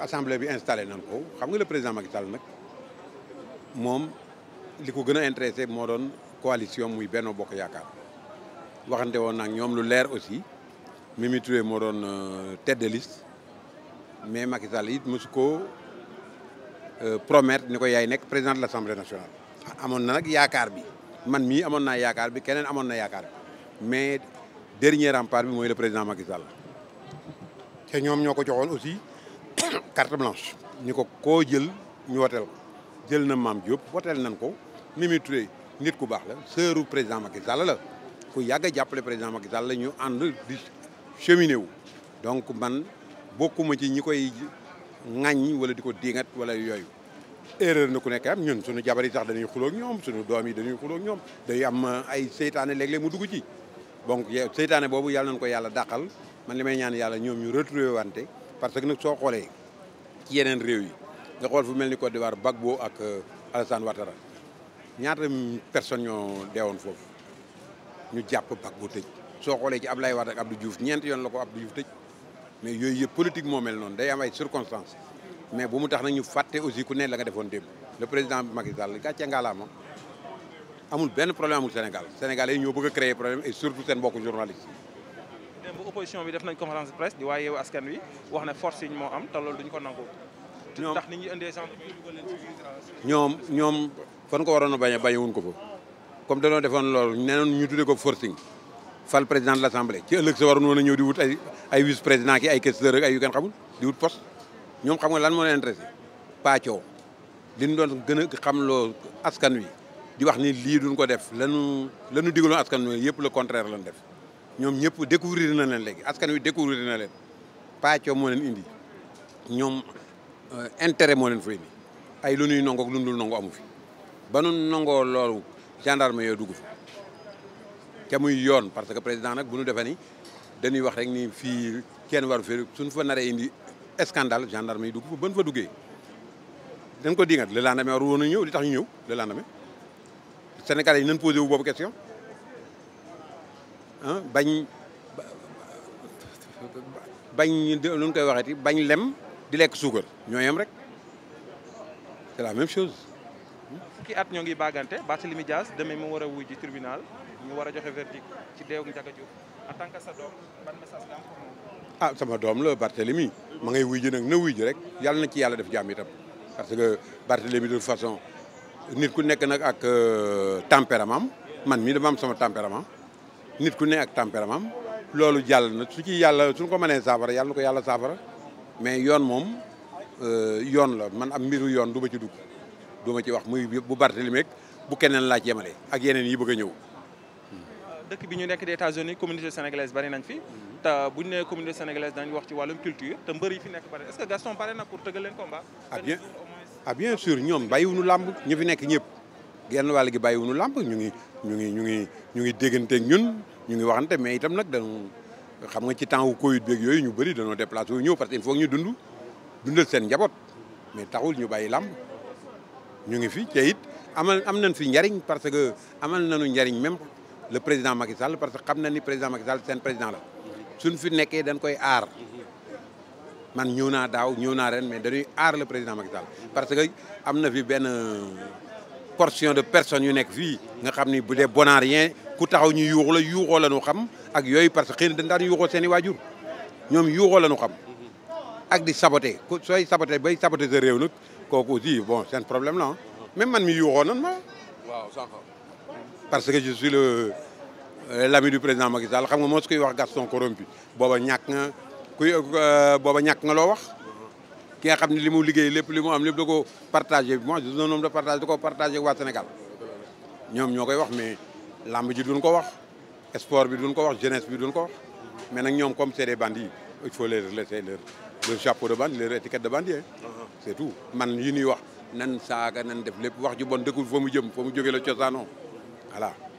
assemblée bi installé nañ ko xam nga la président Macky Sall nag moom li ko gën a intéressé moo doon coalition muy Benno Bokk Yaakaar waxante woon nag ñoom lu leer aussi mi Touré moo doon euh, tête de liste mais Macky Sall it mosu ko euh, promettre ni ko yaay nekk président de l'Assemblée nationale. amoon na nag yaakaar bi man mii amoon naa yaakaar bi keneen amoon na yaakaar mais dernier rempart bi mooy le président Macky Sall te ñoom ñoo ko joxoon aussi. carte blanche ñu ko ko jël ñu woteel ko jël na maam Diop woteel nañ ko Mimi Touré nit ku baax la sœuru président Macky Sall la ku yàgg jàppale président Macky Sall la ñu ànd di cheminé wu donc man bokkuma ci ñi koy ŋaññi wala di ko diingat wala yooyu erreur na ku nekk am ñun suñu jabar yi sax dañuy xuloog ñoom suñu doom yi dañuy xuloog ñoom day am uh, ay seytaane léeg mu dugg ci donc seytaane boobu yàlla nañ ko yàlla dàqal man li may ñaan yàlla ñoom ñu retrouvé wante parce que nag soo xoolee ci yeneen réew yi nga xool fu mel ni Côte bag Gbagbo ak euh, Alassane Ouattara ñaata person ñoo deewoon foofu ñu jàpp Gbagbo tëj soo xoolee ci Ablaye Wade ak Abdou Diouf ñeent yoon la ko Abdou Diouf tëj mais yooyu yëpp politique moo mel noonu day am ay circonstances mais bu mu tax nag ñu fàtte aussi ku ne la nga defoon démb le président Macky Sall gàcce ngalaama amul benn problème amul Sénégal Sénégalais yi ñoo bëgg a créer problème et surtout seen mbokku journaliste opposition bi def nañ conférence de presse di waaye askan wi wax ne force yi moo am te loolu duñ ko nangu. ñoom ndax ni indee sànq ñoom ñoom fan ko waroon a bañ a bañewuñ ko fa comme danoo defoon loolu nee nañ ñu tuddee ko forcing fal président de l' assemblée ci ëllëg sa waroon woon a ñëw di wut ay ay vice président ki ay questeur ak ay yu kenn xamul di wut poste ñoom xam nga lan moo leen intéressé paacoo li ñu doon gën a xam loo askan wi di wax ni lii duñ ko def lanu lanu digaloon askan wi yëpp le contraire lañ def ñoom ñëpp découvrir na leen léegi askan wi découvrir na leen pàccoo moo leen indi ñoom euh, intérêt moo leen fa indi ay lu ñuy nangoo lu ñu dul nangoo amu fi ba nu nangoo loolu gendarme yooyu dugg fi te muy yoon parce que président nag bu ñu defee ni dañuy wax rek nii fii kenn waru fi suñu fa naree indi scandale gendarme yi dugg fa ban fa duggee dañ ko dingat le lendemain war woon a ñëw li tax ñëw le lendemain Sénégalais yi nañ posé wu boobu question bañ bañ lu ñu koy waxeeti bañ lem di lekk suukar ñoo yem rek c'est la même chose. fukki at ñoo ngi baagante Barthélémy jaas demee mu war a wuy ji tribunal war a joxe verdict ci deewu Ndiaga Diouf en doom ban message nga am ah, sama doom la Barthélémy ma ngay wuy ji nag na wuy rek yàlla na ci yàlla def jàmm itam parce que Barthélémy de toute façon nit ku nekk nag ak euh, tempérament man mii dama am sama tempérament. nit ku ne ak tempérament loolu jàll na su ci yàlla suñ ko mënee saafara yàlla na ko yàlla saafara mais yoon moom euh, yoon la man am mbiru yoon duma ci dugg du ci wax muy bu Barthélemy rek bu keneen laa ci yemale ak yeneen yi bëgg a ñëw. dëkk bi ñu nekk di États-Unis communauté sénégalaise bari nañ fi mm-hmm. te bu ñu nee communauté sénégalaise dañu wax ci wàllum culture te mbër yi fi nekk bari est-ce na pour tëggal leen combat. ah bien ah bien sûr ñoom bàyyiwuñu làmb ñu fi nekk ñëpp. genn wàll gi wunu làmp ñu ngi ñu ngi ñu ngi ñu ngi ñun ñu ngi waxante mais itam nag dañu xam nga ci temps wu Covid beeg yooyu ñu bëri dañoo déplacé wu ñëw parce que il faut ñu dund dundal seen njaboot mais taxul ñu bàyyi làmb ñu ngi fi te it amal am nañ fi njariñ parce que amal nañu njariñ même le président Macky Sall parce que xam na ni président Macky Sall seen président la suñ fi nekkee dañ koy aar man ñëw naa daaw ñëw naa ren mais dañuy aar le président Macky Sall parce que am na fi benn proportion de personnes yu nekk fii nga xam ni bu dee bonarien ku taxaw ñu yuuxu la yuuxoo la ñu xam ak yooyu parce que xëy na dañ daan yuuxoo seen i waajur ñoom yuuxoo la ñu xam ak di saboter ku sooy saboter bay saboter sa réew nag kooku aussi bon seen problème la même man mi yuuxoo nan ma waaw sànq parce que je suis le euh, l'ami du président Macky Sall xam nga moo su wax Gaston corrompu booba ñàkk nga euh, loo wax ki nga xam ne li mu liggéey lépp li mu am lépp da ko partagé moi je suis un homme de partage da ko partagé waa Sénégal ñoom ñoo koy wax mais lamb ji duñ ko wax sport bi duñ ko wax jeunesse bi duñ ko wax mais nag ñoom comme c'est des bandits il faut leur laisser leur leur chapeau de bandit leur étiquette de bandit uh-huh. c'est tout man yi ñuy wax nan saaga nan def lépp wax ju bon dëkkul fa mu jëm fa mu jóge la cosaanoo voilà